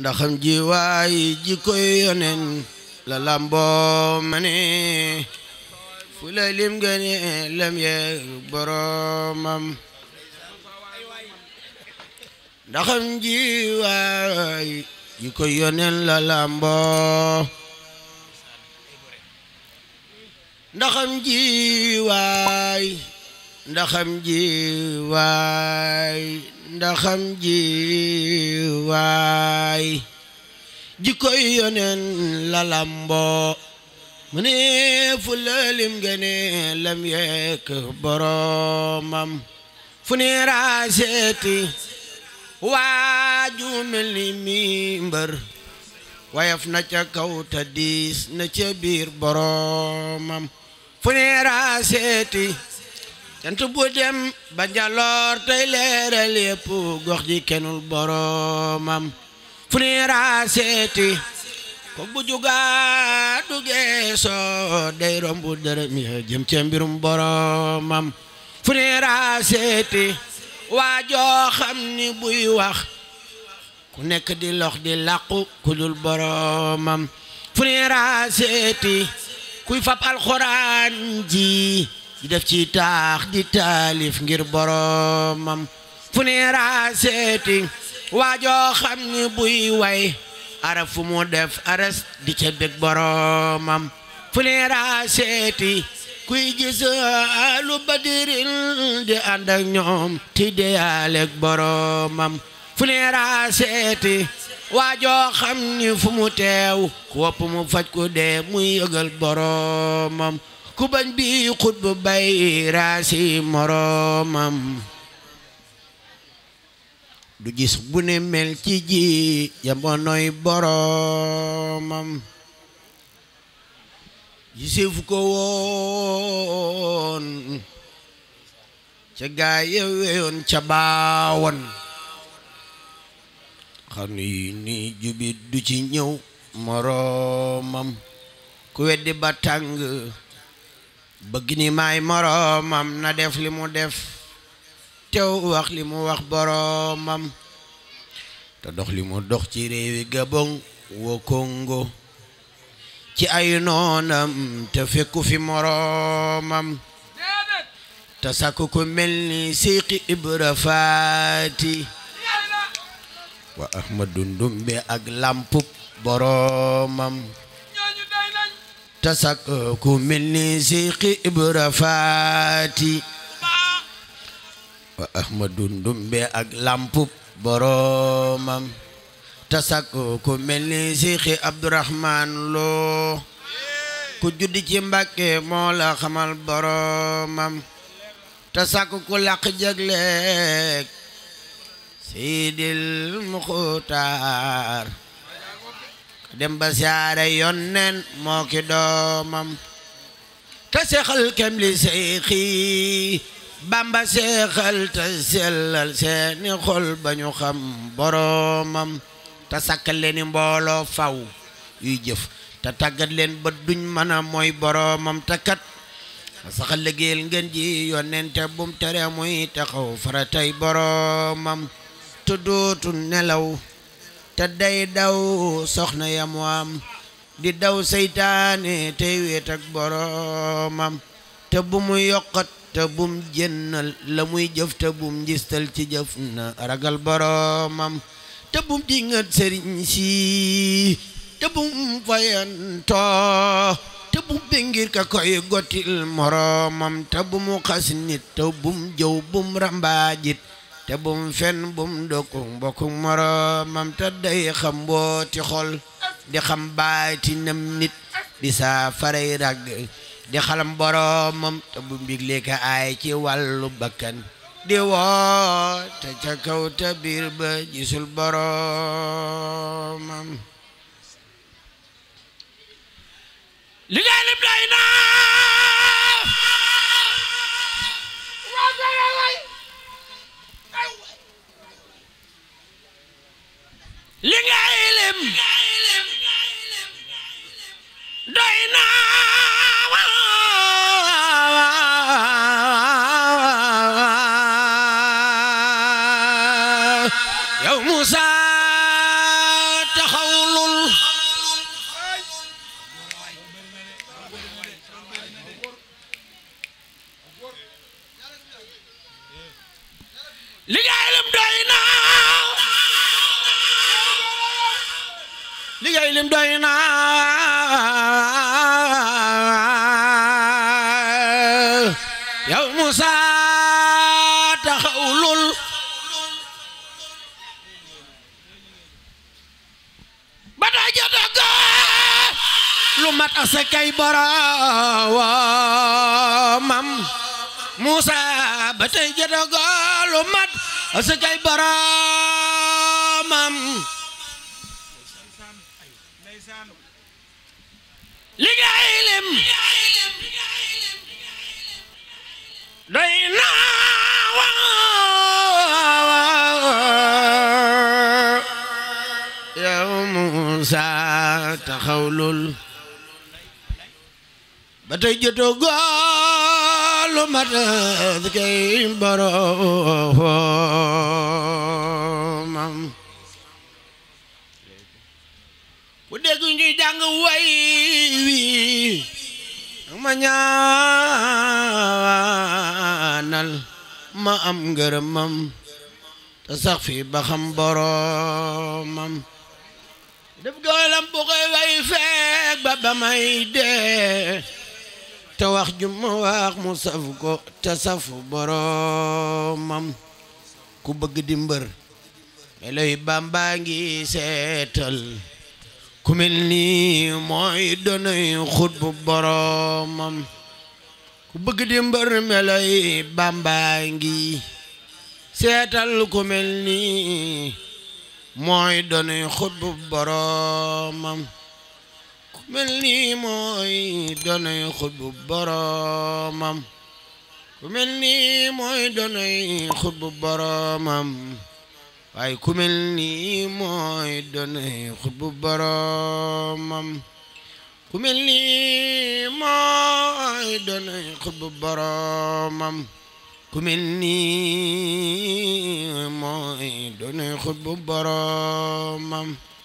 ndaxam ji waay ji koy yonen la lamboo ma ne fu la lim gëne ndaxam ji waay ji koy yonen la lamboo ndaxam ji waay ndaxam ji waay ndaxam ji waay jikkoy yonen la lamboo mu fu lëlim gëne lam yekk boromam fu ne raaseeti waaju mel ni mi mbër wayaf na ca kaw ta diis na ca biir boromam fu ne raaseeti cant bu dem ba njaloor tey leeral yépp gox ji kenul boromam fu ne raaseeti ko bu jugaa du geesoo rombu dërëm ya jëm ci mbirum boromam fu ne raaseeti waa joo ni buy wax ku nekk di lox di làqu ku dul boromam fu ne raaseeti kuy fab alxuraan ji di def ci taax di taalif ngir boromam fu ne raaseeti waajoo xam ni buy way arab fu mu def aras di ca bég boromam fu ne raaseeti kuy gis alu badirin di ànd ak ñoom ti deyaaleg boromam fu ne raaseeti waajoo xam ni fu mu teew ku wopp mu faj ku dee muy yëgal boromam ku bañ bi xut bay raasi moroomam du gis bu ne mel ci ji jamonoy boroomam gisefu ko woon ca gaaye weyoon ca baawoon xam ni ni jubit du ci ñëw moroomam ku weddi ba bëgg ni maay moroomam na def li mu def tew wax li mu wax boroomam te dox li mu dox ci réewi Gabon wa Congo ci ay noonam te fekku fi moroomam te sakku ko mel ni Seyki Ibra Faati wa Ahmadu Ndumbe ak lampu boroomam tasaku eh, min nisiqi ibrafaati wa ahmadu ndumbe ak lampub boromam tasaku eh, min nisiqi abdurahman loo ku juddi ci mbàkke moo xamal boromam tasaku ku làq jagleek siidil muxtaar dem ba siyaare yonnen moo ki doomam te seexal kem li seyxi bamba seexal te sellal seeni xol ba ñu xam boroomam te sakkal leeni mbooloo faw yuy jëf te tàggat leen ba duñ mën a mooy boroomam te kat saxa liggéeyal ngeen ji yonente bum tere muy taxaw faratay boroomam te dootu nelaw te day daw soxna yam waam di daw seytaane tey weet ak boroomam te bu mu yokkat bum jënnal la muy jëf te bum njistal ci jëf na ragal boroomam te bum dingat sëriñ si bum fayantoo te bum bengir koy gotil moroomam te bumu xas nit bum jëw bum rambaajit te bum fen bum dokku mbokku moroomam te day xam mbooti xol di xam baatinam nit di saa faray rag di xalam boroomam te bu mbigle ka ay ci wàllu bakkan di woo te ca kaw te biir ba gisul boroomam doy na yow Musa lim doy na yow Musa taxawlul ba daa jota gaa lu mat asakay boroomam Musa ba li nga ilim doy yow Musa taxawlul ba tey jotoo góolu mat kay boroomam dégg ñuy jàng way wi ma ñaanal ma am ngërëmam te sax fi ba xam boromam def gëlam bu koy way feek wax ju ma wax mu saf ko te safu boromam ku bëgg di mbër meloy Bàmba seetal ku mel nii mooy doonay xutbu boroomam ku bëgg di mbër melay bàmbaa ngi seetal ku mel nii mooy doonay xutbu boroomam ku mel nii mooy doonay xutbu boroomam ku mel nii mooy doonay xutbu boroomam waaye ku mel nii mooy doone xutbu boromam ku mel nii mooy doone xutbu ku mel nii mooy